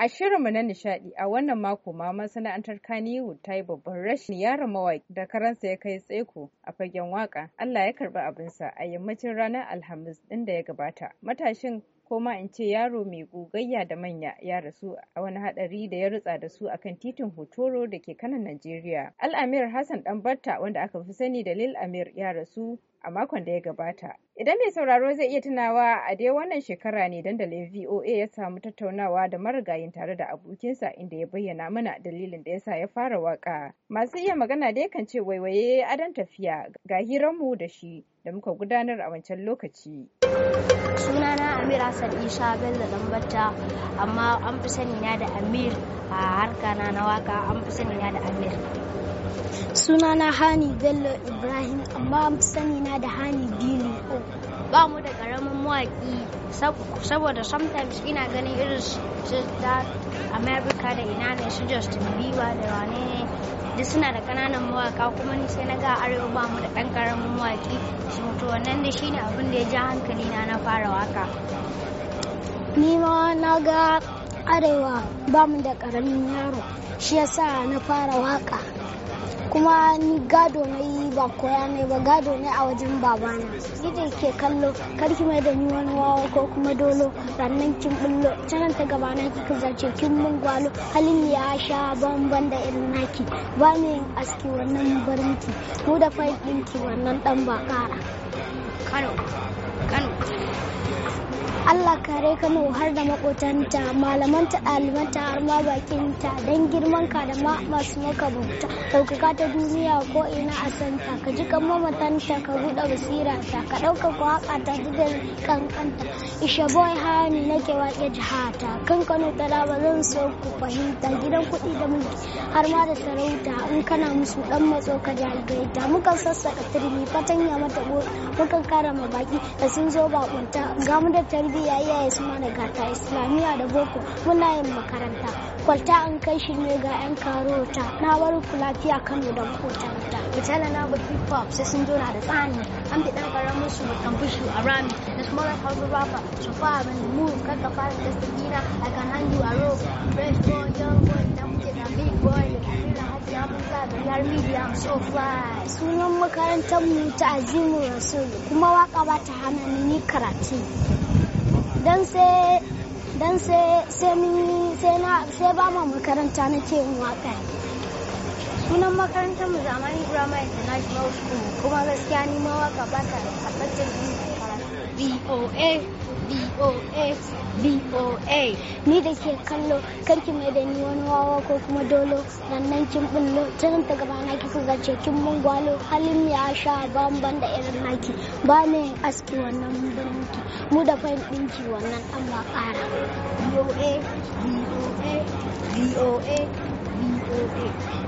A shirinmu na nishadi a wannan mako ma masana'antar Kannywood ta yi babban rashin yaron mawaƙi da karansa ya kai tsaiko a fagen waka. Allah ya karɓi abinsa a yammacin ranar Alhamis ɗin da ya gabata. Matashin ko ma in ce yaro mai gogayya da manya ya rasu a wani hadari da ya rutsa da su akan titin Hotoro da ke kanan Najeriya. Al'amir Hassan Danbatta wanda aka fi sani da Lil Amir ya rasu a makon da ya gabata. Idan mai sauraro zai iya tunawa a dai wannan shekara ne dandalin VOA ya samu tattaunawa da marigayin tare da abokinsa inda ya bayyana mana dalilin da yasa ya fara waka. Masu iya magana dai kan ce waiwaye adon tafiya ga hiranmu da shi da muka gudanar a wancan lokaci. suna na amir hassan isha bello lambata amma an fi sani na da amir a harka na na waka an fi sani na da amir suna na hani bello ibrahim amma an fi sani na da hani o. ba mu da karamin mawaki saboda sometimes ina ganin irin shi ta america da ina ne su justin bieber da wane duk suna da kananan mawaka kuma ni sai na ga arewa ba mu da ɗan ƙaramin mawaki shi mutu wannan da shine abin da ya ja hankali na na fara waka ni ma na ga arewa ba mu da ƙaramin yaro shi yasa na fara waka kuma ni gado na yi ba koya ne ba gado ne a wajen babana ni ke kallo karki mai da ni wani wawa ko kuma dolo rannan kin bullo canan ta na kika zace kin mun gwalo halin ya sha bamban da irin naki ba ne aski wannan barinki mu da fai ɗinki wannan ɗan ba ƙara kano kano Allah kare ka har da makotanta malamanta ɗalibanta har ma bakinta dan girman ka da masu maka bauta ɗaukaka ta duniya ko ina a santa ka ji kan mamatanta ka buɗe basira ta ka ɗauka ko haka ta da kankanta ishe boy hani nake waƙe jihata kan kano tala ba zan so ku fahimta gidan kuɗi da mulki har ma da sarauta in kana musu ɗan matso ka jagaita mukan sassaƙa turmi fatanya mata muka kara ma baki da sun zo bakunta ga mu da tarbiyya Najeriya ya suna da gata Islamiyya da boko muna yin makaranta. Kwalta an kai shi ne ga 'yan karota na wani kulafiya Kano da makotarta. Italian number hip hop sai sun jona da tsani an fi dan karar musu mutan bushu a rami da smaller house rapper so far when you move cut fara da test gina I can a rope young boy da muke da big boy da da yar media so Sunan makarantar mu ta Azimu Rasul kuma waka ba ta hana ni karatu. dan sai dan sai sai sai na sai ba makaranta nake yin waka sunan makarantar mu zamani drama international school kuma gaskiya ni ma waka ba ta a BOA VOA VOA ni da ke kallo kan ki mai da ni wani wawa ko kuma dolo nan nan kin bullo tun ta gaba na kika zace kin mun gwalo halin ya sha bamban da irin naki ba ne aski wannan birnki mu da fain dinki wannan dan ba kara VOA VOA VOA VOA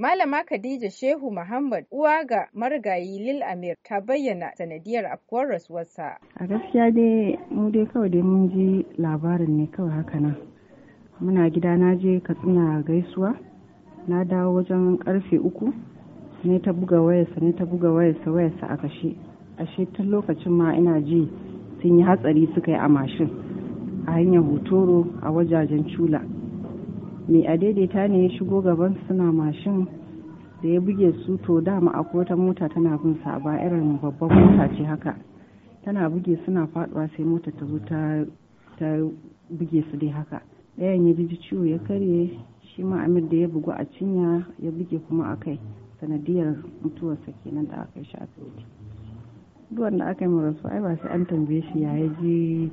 Malama Khadija Shehu Muhammad uwa ga marigayi Lil Amir ta bayyana sanadiyar afkuwar rasuwarsa. A gaskiya dai mu dai kawai dai mun ji labarin ne kawai haka nan. Muna gida na je Katsina gaisuwa na dawo wajen karfe uku ne ta buga wayarsa ne ta buga wayarsa wayarsa a kashe. Ashe tun lokacin ma ina ji sun yi hatsari suka yi a mashin a hanyar hutoro a wajajen Cula. mai daidaita ne ya shigo gaban suna mashin da ya buge su to dama akwai wata mota tana bin sa ba irin babban mota ce haka tana buge suna faduwa sai mota ta zo ta buge su dai haka ɗayan ya ji ciwo ya karye shi ma amir da ya bugu a cinya ya buge kuma a kai sanadiyar mutuwarsa kenan da aka sha asibiti duwan da aka yi marasu ai ba sai an tambaye shi ya ji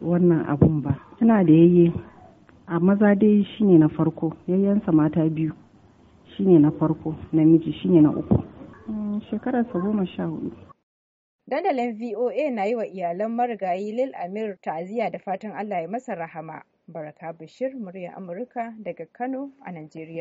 wannan abun ba tana da yayye a maza dai shine na farko yayyansa mata biyu shine na farko namiji shine na uku mm, shekararsa goma sha hudu dandalin voa na yi wa iyalan marigayi lil amir ta'aziyya da fatan allah ya masa rahama baraka bashir murya amurka daga kano a najeriya